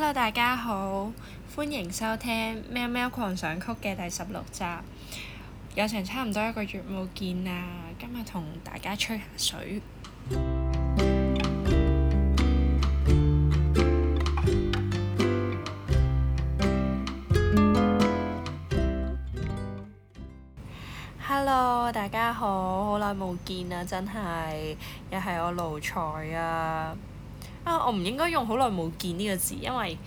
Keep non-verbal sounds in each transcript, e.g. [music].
Hello 大家好，歡迎收聽《喵喵狂想曲》嘅第十六集。有成差唔多一個月冇見啦，今日同大家吹下水。Hello 大家好，好耐冇見啦，真係，又係我奴才啊！啊！我唔應該用好耐冇見呢個字，因為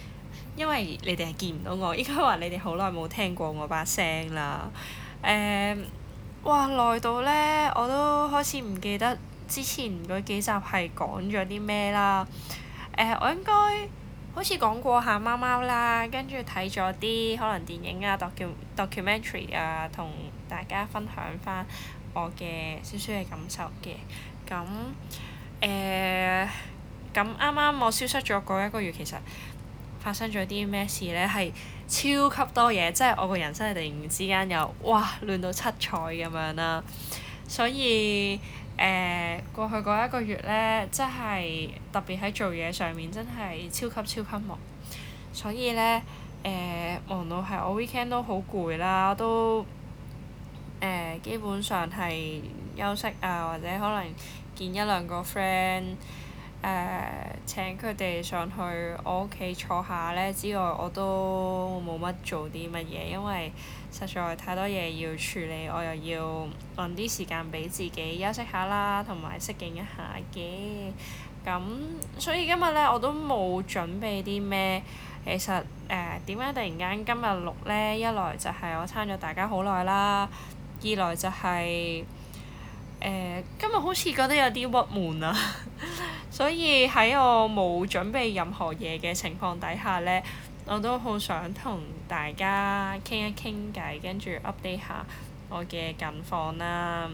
因為你哋係見唔到我，應該話你哋好耐冇聽過我把聲啦。誒、呃，哇！來到呢，我都開始唔記得之前嗰幾集係講咗啲咩啦、呃。我應該好似講過下貓貓啦，跟住睇咗啲可能電影啊、doc documentary 啊，同大家分享翻我嘅少少嘅感受嘅。咁、嗯、誒？呃咁啱啱我消失咗嗰一個月，其實發生咗啲咩事呢？係超級多嘢，即係我個人真係突然之間又哇亂到七彩咁樣啦！所以誒、呃，過去嗰一個月呢，即係特別喺做嘢上面，真係超級超級忙。所以呢，誒、呃、忙到係我 weekend 都好攰啦，都、呃、基本上係休息啊，或者可能見一兩個 friend。誒、uh, 請佢哋上去我屋企坐下呢，之外，我都冇乜做啲乜嘢，因為實在太多嘢要處理，我又要揾啲時間俾自己休息下啦，同埋適應一下嘅。咁所以今日呢，我都冇準備啲咩。其實誒點解突然間今日錄呢？一來就係我撐咗大家好耐啦，二來就係、是、誒、uh, 今日好似覺得有啲鬱悶啊～ [laughs] 所以喺我冇準備任何嘢嘅情，情況底下呢，我都好想同大家傾一傾偈，跟住 update 下我嘅近況啦。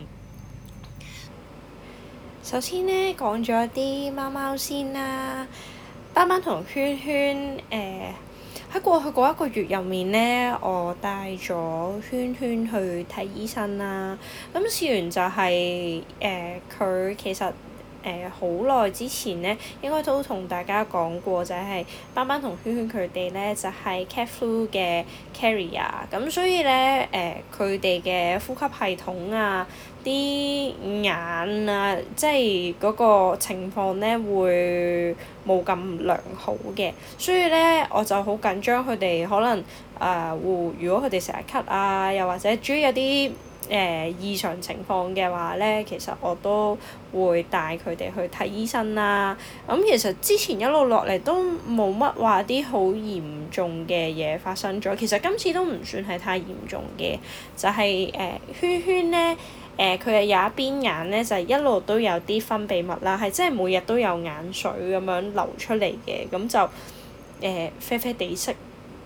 首先呢，講咗啲貓貓先啦。斑斑同圈圈誒，喺、呃、過去嗰一個月入面呢，我帶咗圈圈去睇醫生啦。咁事緣就係、是、誒，佢、呃、其實～誒，好耐之前咧，應該都同大家講過，就係斑斑同圈圈佢哋咧，就係、是、cat flu 嘅 carrier，咁所以咧，誒佢哋嘅呼吸系統啊、啲眼啊，即係嗰個情況咧會冇咁良好嘅，所以咧我就好緊張佢哋可能啊會、呃，如果佢哋成日咳啊，又或者中意有啲。誒、呃、異常情況嘅話咧，其實我都會帶佢哋去睇醫生啦。咁、嗯、其實之前一路落嚟都冇乜話啲好嚴重嘅嘢發生咗。其實今次都唔算係太嚴重嘅，就係、是、誒、呃、圈圈咧，誒佢係有一邊眼咧就一路都有啲分泌物啦，係真係每日都有眼水咁樣流出嚟嘅，咁就誒、呃、啡啡地色。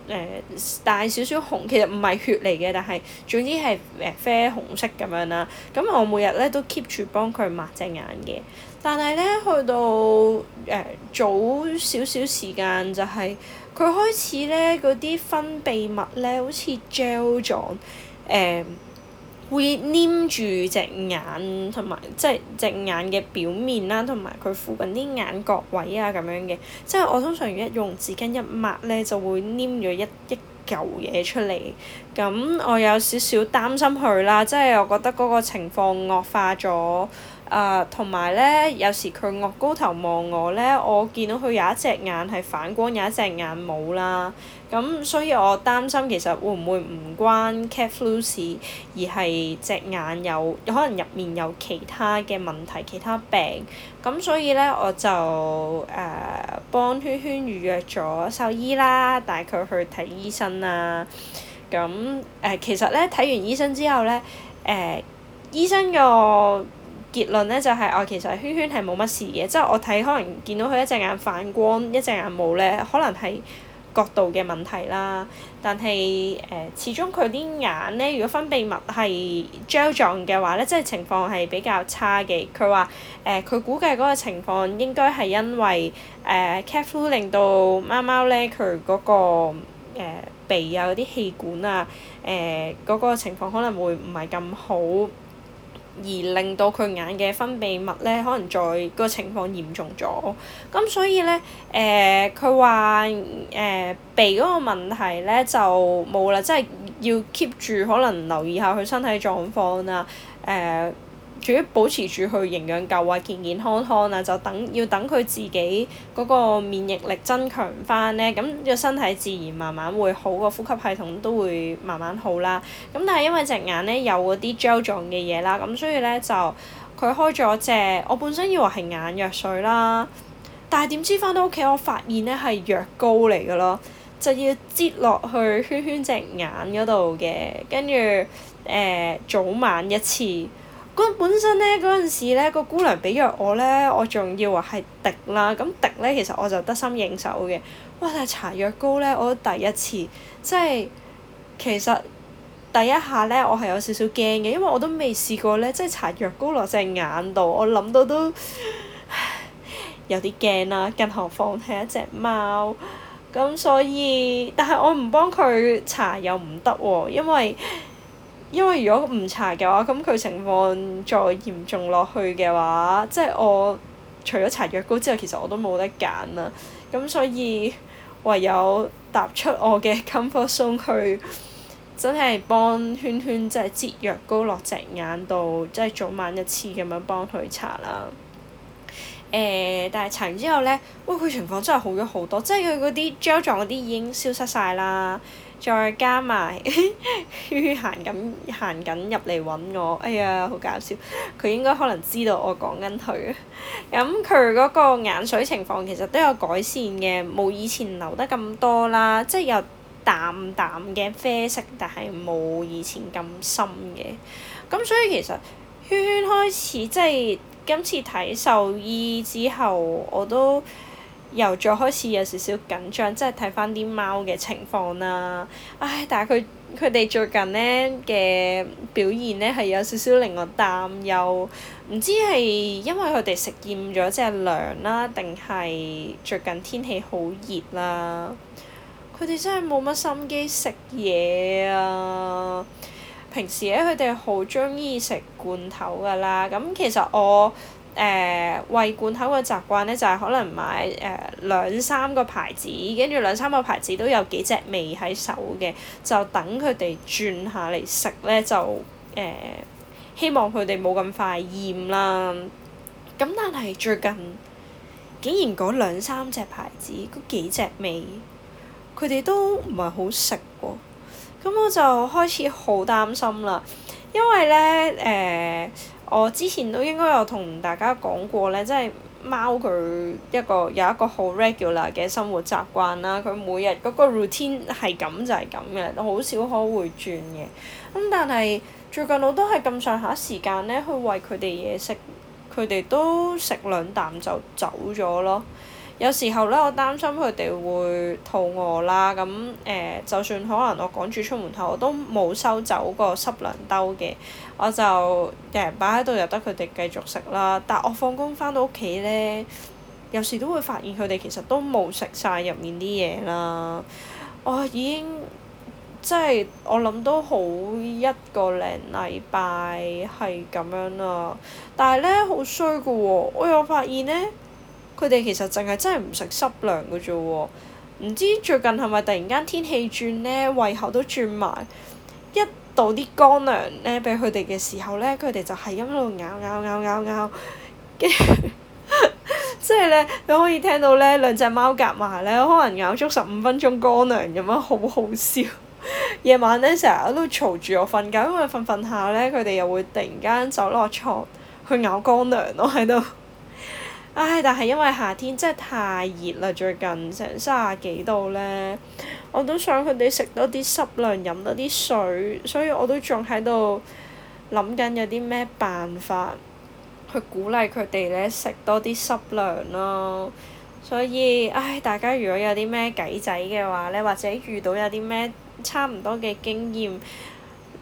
誒帶少少紅，其實唔係血嚟嘅，但係總之係啡紅色咁樣啦。咁我每日咧都 keep 住幫佢抹隻眼嘅。但係咧去到誒、呃、早少少時間就係、係、佢開始咧嗰啲分泌物咧好似 gel 狀、呃會黏住隻眼同埋，即係隻眼嘅表面啦，同埋佢附近啲眼角位啊咁樣嘅，即係我通常一用紙巾一抹呢，就會黏咗一一嚿嘢出嚟。咁我有少少擔心佢啦，即係我覺得嗰個情況惡化咗。誒同埋咧，有時佢昂高頭望我咧，我見到佢有一隻眼係反光，有一隻眼冇啦。咁所以我擔心其實會唔會唔關 cat flu 事，而係隻眼有可能入面有其他嘅問題、其他病。咁所以咧，我就誒、uh, 幫圈圈預約咗獸醫啦，帶佢去睇醫生啦。咁誒、呃，其實咧睇完醫生之後咧，誒、呃、醫生個～結論咧就係、是、我、哦、其實圈圈係冇乜事嘅，即係我睇可能見到佢一隻眼反光，一隻眼冇咧，可能係角度嘅問題啦。但係誒、呃，始終佢啲眼咧，如果分泌物係 gel 狀嘅話咧，即係情況係比較差嘅。佢話誒，佢、呃、估計嗰個情況應該係因為誒、呃、cat flu 令到貓貓咧，佢嗰、那個、呃、鼻啊啲氣管啊誒嗰、呃那個情況可能會唔係咁好。而令到佢眼嘅分泌物咧，可能在、嗰個情況嚴重咗，咁所以咧，誒、呃，佢話誒鼻嗰個問題咧就冇啦，即、就、係、是、要 keep 住可能留意下佢身體狀況啊。誒、呃。主要保持住佢營養夠啊，健健康康啊，就等要等佢自己嗰個免疫力增強翻咧，咁個身體自然慢慢會好，個呼吸系統都會慢慢好啦。咁但係因為隻眼咧有嗰啲 gel 狀嘅嘢啦，咁所以咧就佢開咗隻我本身以為係眼藥水啦，但係點知翻到屋企我發現咧係藥膏嚟嘅咯，就要擠落去圈圈隻眼嗰度嘅，跟住誒早晚一次。本身咧，嗰陣時咧，個姑娘俾藥我咧，我仲以為係滴啦。咁滴咧，其實我就得心應手嘅。哇！但係搽藥膏咧，我第一次即係其實第一下咧，我係有少少驚嘅，因為我都未試過咧，即係搽藥膏落隻眼度，我諗到都有啲驚啦。更何況係一隻貓，咁所以，但係我唔幫佢搽又唔得喎，因為因為如果唔搽嘅話，咁佢情況再嚴重落去嘅話，即係我除咗搽藥膏之外，其實我都冇得揀啦。咁所以唯有踏出我嘅 comfort zone 去，真係幫圈圈即係擠藥膏落隻眼度，即係早晚一次咁樣幫佢搽啦。誒、呃，但係搽完之後咧，哇！佢情況真係好咗好多，即係佢嗰啲膠狀嗰啲已經消失晒啦。再加埋圈 [laughs] 圈行緊入嚟揾我，哎呀，好搞笑！佢應該可能知道我講緊佢。咁佢嗰個眼水情況其實都有改善嘅，冇以前流得咁多啦。即係有淡淡嘅啡色，但係冇以前咁深嘅。咁、嗯、所以其實圈圈開始即係。今次睇獸醫之後，我都又再開始有少少緊張，即係睇翻啲貓嘅情況啦。唉，但係佢佢哋最近呢嘅表現呢，係有少少令我擔憂，唔知係因為佢哋食厭咗隻糧啦，定係最近天氣好熱啦？佢哋真係冇乜心機食嘢啊！平時咧，佢哋好中意食罐頭噶啦。咁其實我誒餵、呃、罐頭嘅習慣咧，就係、是、可能買誒、呃、兩三個牌子，跟住兩三個牌子都有幾隻味喺手嘅，就等佢哋轉下嚟食咧，就誒、呃、希望佢哋冇咁快厭啦。咁但係最近，竟然嗰兩三隻牌子嗰幾隻味，佢哋都唔係好食喎。咁我就開始好擔心啦，因為咧誒、呃，我之前都應該有同大家講過咧，即係貓佢一個有一個好 regular 嘅生活習慣啦，佢每日嗰個 routine 係咁就係咁嘅，好少可會轉嘅。咁、嗯、但係最近我都係咁上下時間咧，去喂佢哋嘢食，佢哋都食兩啖就走咗咯。有時候咧，我擔心佢哋會肚餓啦。咁誒、呃，就算可能我趕住出門口，我都冇收走個濕糧兜嘅。我就日日擺喺度，由得佢哋繼續食啦。但我放工翻到屋企咧，有時都會發現佢哋其實都冇食晒入面啲嘢啦。我、啊、已經即係我諗都好一個零禮拜係咁樣啦。但係咧，好衰嘅喎，我有發現咧。佢哋其實淨係真係唔食濕糧嘅啫喎，唔知最近係咪突然間天氣轉咧，胃口都轉埋，一到啲乾糧咧俾佢哋嘅時候咧，佢哋就係咁喺度咬咬咬咬咬，跟住即係咧你可以聽到咧兩隻貓夾埋咧，可能咬足十五分鐘乾糧咁樣，好好笑。夜 [laughs] 晚咧成日都嘈住我瞓覺，因為瞓瞓下咧佢哋又會突然間走落床去咬乾糧咯喺度。唉、哎，但係因為夏天真係太熱啦，最近成三十幾度咧，我都想佢哋食多啲濕糧，飲多啲水，所以我都仲喺度諗緊有啲咩辦法去鼓勵佢哋咧食多啲濕糧囉。所以唉、哎，大家如果有啲咩計仔嘅話咧，或者遇到有啲咩差唔多嘅經驗，誒、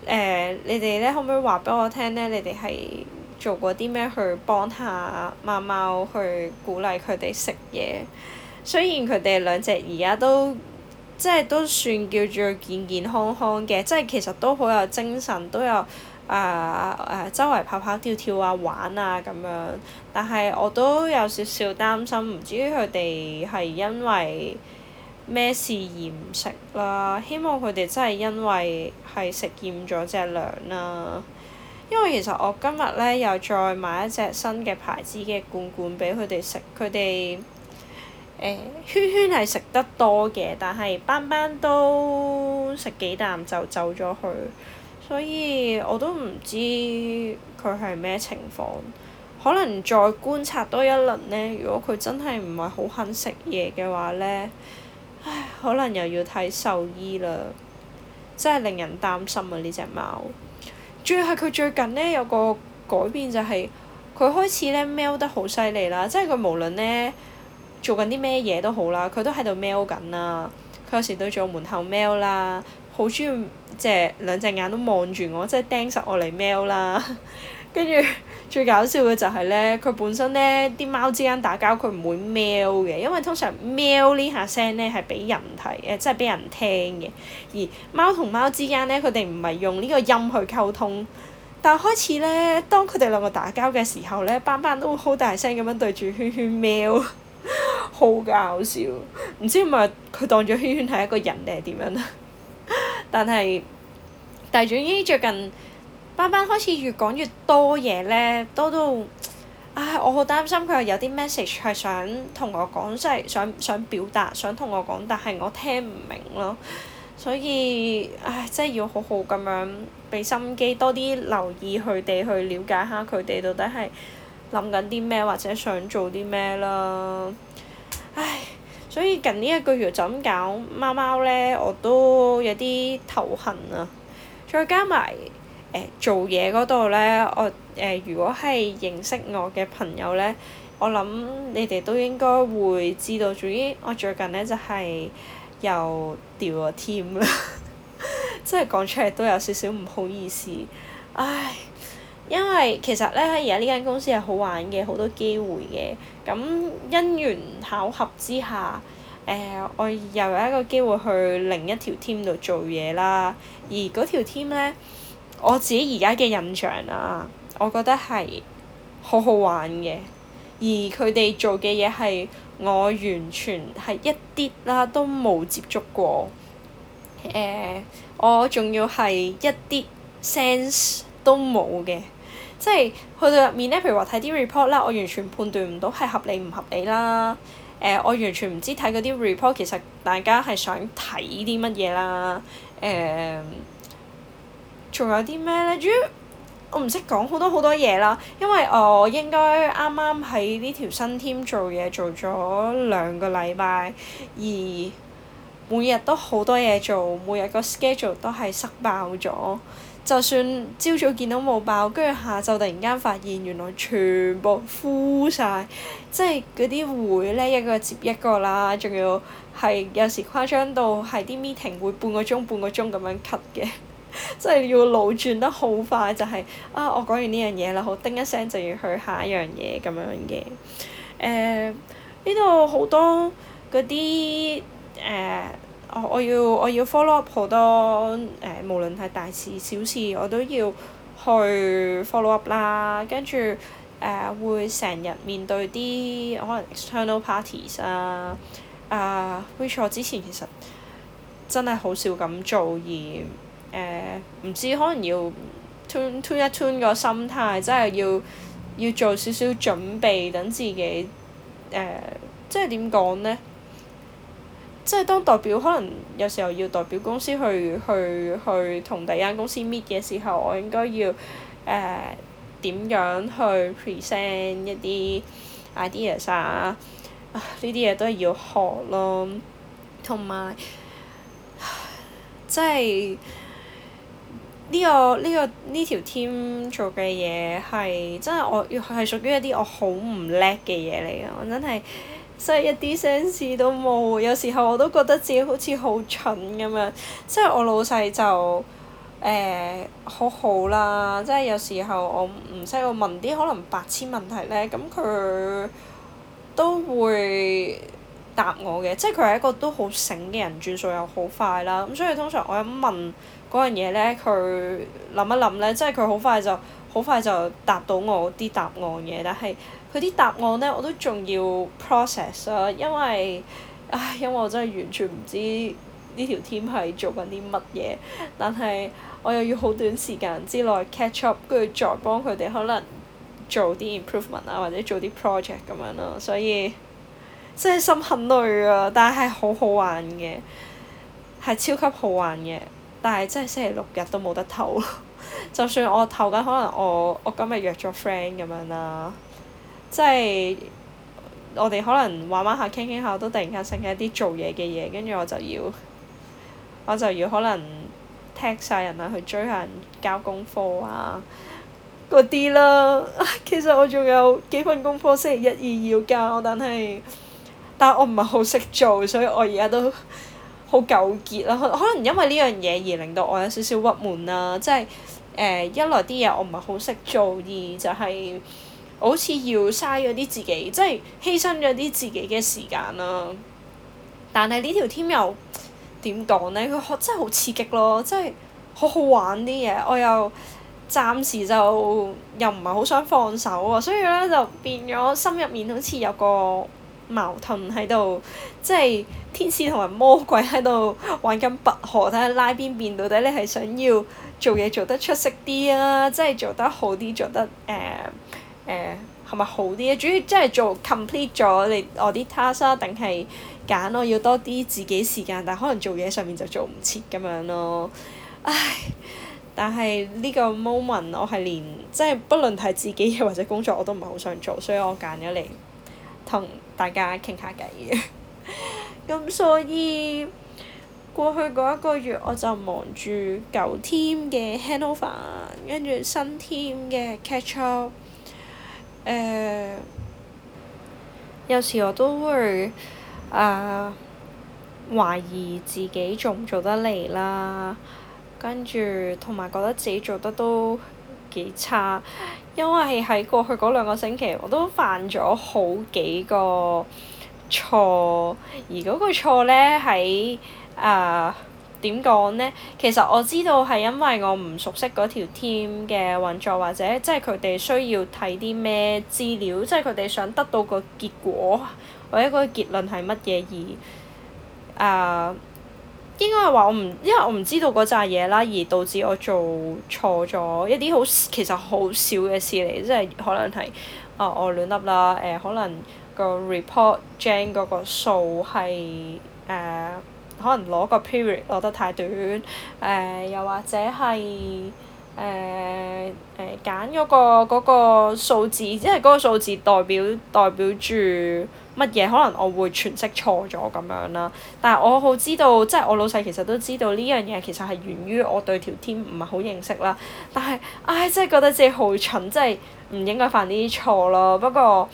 呃，你哋咧可唔可以話俾我聽咧？你哋係？做過啲咩去幫下貓貓去鼓勵佢哋食嘢？雖然佢哋兩隻而家都即係都算叫做健健康康嘅，即係其實都好有精神，都有、呃、啊誒周圍跑跑跳跳啊，玩啊咁樣。但係我都有少少擔心，唔知佢哋係因為咩事而唔食啦。希望佢哋真係因為係食厭咗隻糧啦。因為其實我今日咧又再買一隻新嘅牌子嘅罐罐俾佢哋食，佢哋誒圈圈係食得多嘅，但係斑斑都食幾啖就走咗去，所以我都唔知佢係咩情況。可能再觀察多一輪呢，如果佢真係唔係好肯食嘢嘅話呢，唉，可能又要睇獸醫啦。真係令人擔心啊！呢隻貓。最係佢最近咧有個改變就係，是，佢開始咧喵得好犀利啦，即係佢無論咧做緊啲咩嘢都好啦，佢都喺度喵緊啦！佢有時對住我門口喵啦，好中意即係兩隻眼都望住我，即係盯實我嚟喵啦～ [laughs] 跟住最搞笑嘅就係咧，佢本身咧啲貓之間打交，佢唔會喵嘅，因為通常喵呢下聲咧係俾人睇嘅，即係俾人聽嘅。而貓同貓之間咧，佢哋唔係用呢個音去溝通。但係開始咧，當佢哋兩個打交嘅時候咧，班班都好大聲咁樣對住圈圈喵，好搞笑。唔知係咪佢當咗圈圈係一個人定係點樣？但係，但係總之最近。慢慢開始越講越多嘢咧，多到唉！我好擔心佢係有啲 message 係想同我講，即係想想表達，想同我講，但係我聽唔明咯。所以唉，真係要好好咁樣俾心機，多啲留意佢哋，去了解下佢哋到底係諗緊啲咩，或者想做啲咩啦。唉，所以近呢一個月就咁搞貓貓咧，我都有啲頭痕啊！再加埋～呃、做嘢嗰度呢，我誒、呃、如果係認識我嘅朋友呢，我諗你哋都應該會知道，總之我最近呢就係、是、又調咗 team 啦，即係講出嚟都有少少唔好意思，唉，因為其實呢，喺而家呢間公司係好玩嘅，好多機會嘅，咁因緣巧合之下、呃，我又有一個機會去另一條 team 度做嘢啦，而嗰條 team 呢。我自己而家嘅印象啊，我覺得係好好玩嘅，而佢哋做嘅嘢係我完全係一啲啦都冇接觸過，誒、呃，我仲要係一啲 sense 都冇嘅，即係去到入面咧，譬如話睇啲 report 啦，我完全判斷唔到係合理唔合理啦，誒、呃，我完全唔知睇嗰啲 report 其實大家係想睇啲乜嘢啦，誒、呃。仲有啲咩咧？主要我唔識講好多好多嘢啦，因為我應該啱啱喺呢條新 team 做嘢做咗兩個禮拜，而每日都好多嘢做，每日個 schedule 都係塞爆咗。就算朝早見到冇爆，跟住下晝突然間發現原來全部 full 晒，即係嗰啲會咧一個接一個啦，仲要係有時誇張到係啲 meeting 會半個鐘半個鐘咁樣 cut 嘅。即係 [laughs] 要腦轉得好快，就係、是、啊！我講完呢樣嘢啦，好叮一聲就要去下一樣嘢咁樣嘅。誒呢度好多嗰啲誒，我要我要 follow up 好多誒、呃，無論係大事小事，我都要去 follow up 啦。跟住誒會成日面對啲可能 external parties 啊，啊、呃、which 我之前其實真係好少咁做而。誒唔、uh, 知可能要 turn turn 一 turn 個心態，即係要要做少少準備，等自己、uh, 即係點講呢？即係當代表，可能有時候要代表公司去去去同第二間公司 meet 嘅時候，我應該要點、uh, 樣去 present 一啲 ideas 啊、uh,？呢啲嘢都係要學咯，同埋即係。呢、這個呢、這個呢條 team 做嘅嘢係真係我係屬於一啲我好唔叻嘅嘢嚟咯，我真係即係一啲 sense 都冇，有時候我都覺得自己好似好蠢咁樣。即係我老細就誒好、呃、好啦，即係有時候我唔使我問啲可能白痴問題咧，咁佢都會答我嘅，即係佢係一個都好醒嘅人，轉數又好快啦。咁所以通常我一問。嗰樣嘢咧，佢諗一諗咧，即係佢好快就好快就答到我啲答案嘅。但係佢啲答案咧，我都仲要 process 啊，因為唉，因為我真係完全唔知呢條 team 係做緊啲乜嘢。但係我又要好短時間之內 catch up，跟住再幫佢哋可能做啲 improvement 啊，或者做啲 project 咁樣咯。所以真係心很累啊，但係好好玩嘅，係超級好玩嘅。但係真係星期六日都冇得唞， [laughs] 就算我唞緊，可能我我今日約咗 friend 咁樣啦，即係我哋可能玩玩下傾傾下，都突然間醒起一啲做嘢嘅嘢，跟住我就要我就要可能踢晒人啊，去追人交功課啊嗰啲啦。 [laughs] 其實我仲有幾份功課星期一二要交，但係但我唔係好識做，所以我而家都好糾結啦，可可能因為呢樣嘢而令到我有少少鬱悶啦、啊，即係誒、呃、一來啲嘢我唔係好識做，二就係我好似要嘥咗啲自己，即係犧牲咗啲自己嘅時間啦、啊。但係呢條添又點講呢？佢真係好刺激咯、啊，即係好好玩啲嘢。我又暫時就又唔係好想放手啊，所以咧就變咗心入面好似有個矛盾喺度，即係天使同埋魔鬼喺度玩緊拔河，睇下拉邊邊。到底你係想要做嘢做得出色啲啊，即係做得好啲，做得誒誒係咪好啲啊？主要即係做 complete 咗你我啲 task 啊，定係揀我要多啲自己時間，但係可能做嘢上面就做唔切咁樣咯。唉，但係呢個 moment 我係連即係，不論係自己嘢或者工作我都唔係好想做，所以我揀咗嚟同。大家傾下偈嘅，咁 [laughs] 所以過去嗰一個月我就忙住舊 team 嘅 handover，跟住新 team 嘅 catch up。有時我都會啊、呃，懷疑自己做唔做得嚟啦，跟住同埋覺得自己做得都～幾差，因為喺過去嗰兩個星期，我都犯咗好幾個錯，而嗰個錯咧喺啊點講咧？其實我知道係因為我唔熟悉嗰條 team 嘅運作，或者即係佢哋需要睇啲咩資料，即係佢哋想得到個結果或者個結論係乜嘢而啊。呃應該係話我唔，因為我唔知道嗰扎嘢啦，而導致我做錯咗一啲好其實好少嘅事嚟，即係可能係啊、呃、我亂笠啦，誒、呃、可能個 report gen 嗰個數係、呃、可能攞個 period 攞得太短，誒、呃、又或者係誒誒揀嗰個嗰、嗰個數字，即係嗰個數字代表代表住。乜嘢可能我會詮釋錯咗咁樣啦，但係我好知道，即係我老細其實都知道呢樣嘢其實係源於我對條 team 唔係好認識啦。但係，唉、哎，真係覺得自己好蠢，真係唔應該犯呢啲錯咯。不過，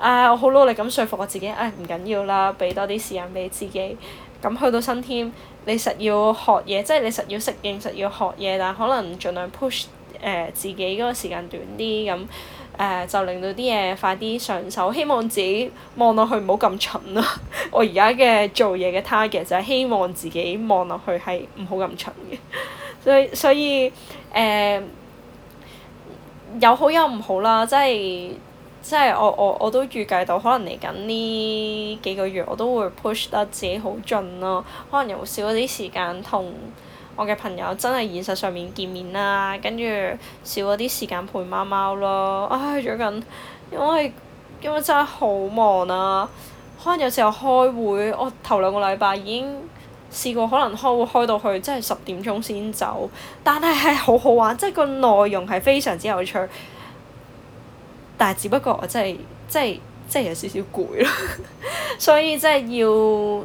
唉、哎，我好努力咁說服我自己，唉、哎，唔緊要啦，俾多啲時間俾自己。咁去到新 team，你實要學嘢，即係你實要適應，實要學嘢，但係可能盡量 push 誒、呃、自己嗰個時間短啲咁。誒、uh, 就令到啲嘢快啲上手，希望自己望落去唔好咁蠢咯、啊。 [laughs] 我而家嘅做嘢嘅 target 就係希望自己望落去係唔好咁蠢嘅， [laughs] 所以所以誒有好有唔好啦，即係即係我我我都預計到可能嚟緊呢幾個月我都會 push 得自己好盡咯，可能有少少啲時間痛。我嘅朋友真係現實上面見面啦，跟住少咗啲時間陪貓貓咯。唉，最近因為因為真係好忙啊，可能有時候開會，我頭兩個禮拜已經試過可能開會開到去真係十點鐘先走，但係係好好玩，即係個內容係非常之有趣。但係只不過我真係即係。即即係有少少攰咯，所以真係要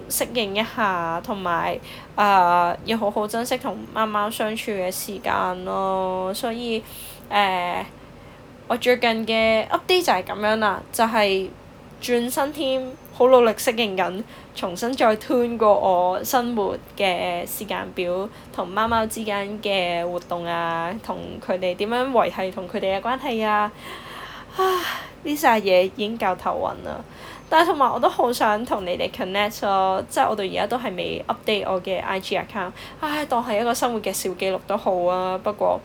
適應一下，同埋誒要好好珍惜同貓貓相處嘅時間咯。所以誒、呃，我最近嘅 update 就係咁樣啦，就係、是、轉新 team，好努力適應緊，重新再 turn 過我生活嘅時間表，同貓貓之間嘅活動啊，同佢哋點樣維繫同佢哋嘅關係啊，唉～呢晒嘢已經夠頭暈啦，但係同埋我都好想同你哋 connect 咯、啊，即係我到而家都係未 update 我嘅 IG account，唉、哎，當係一個生活嘅小記錄都好啊，不過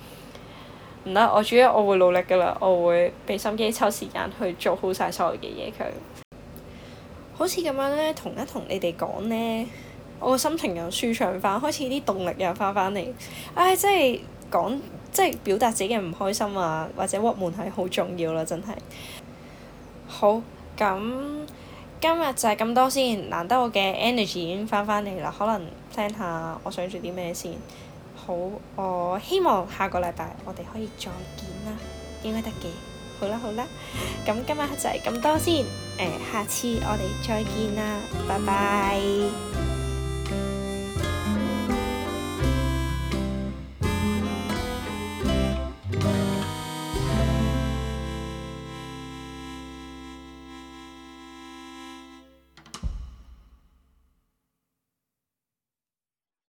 唔得，我主要我會努力㗎啦，我會俾心機抽時間去做好晒所有嘅嘢佢。好似咁樣呢，同一同你哋講呢，我個心情又舒暢翻，開始啲動力又翻返嚟，唉、哎，即係講。講。即係表達自己嘅唔開心啊，或者鬱悶係好重要咯、啊，真係。好，咁今日就係咁多先，難得我嘅 energy 已經翻返嚟啦，可能聽下我想做啲咩先。好，我希望下個禮拜我哋可以再見啦，應該得嘅。好啦好啦，咁今日就係咁多先、呃，下次我哋再見啦，拜拜。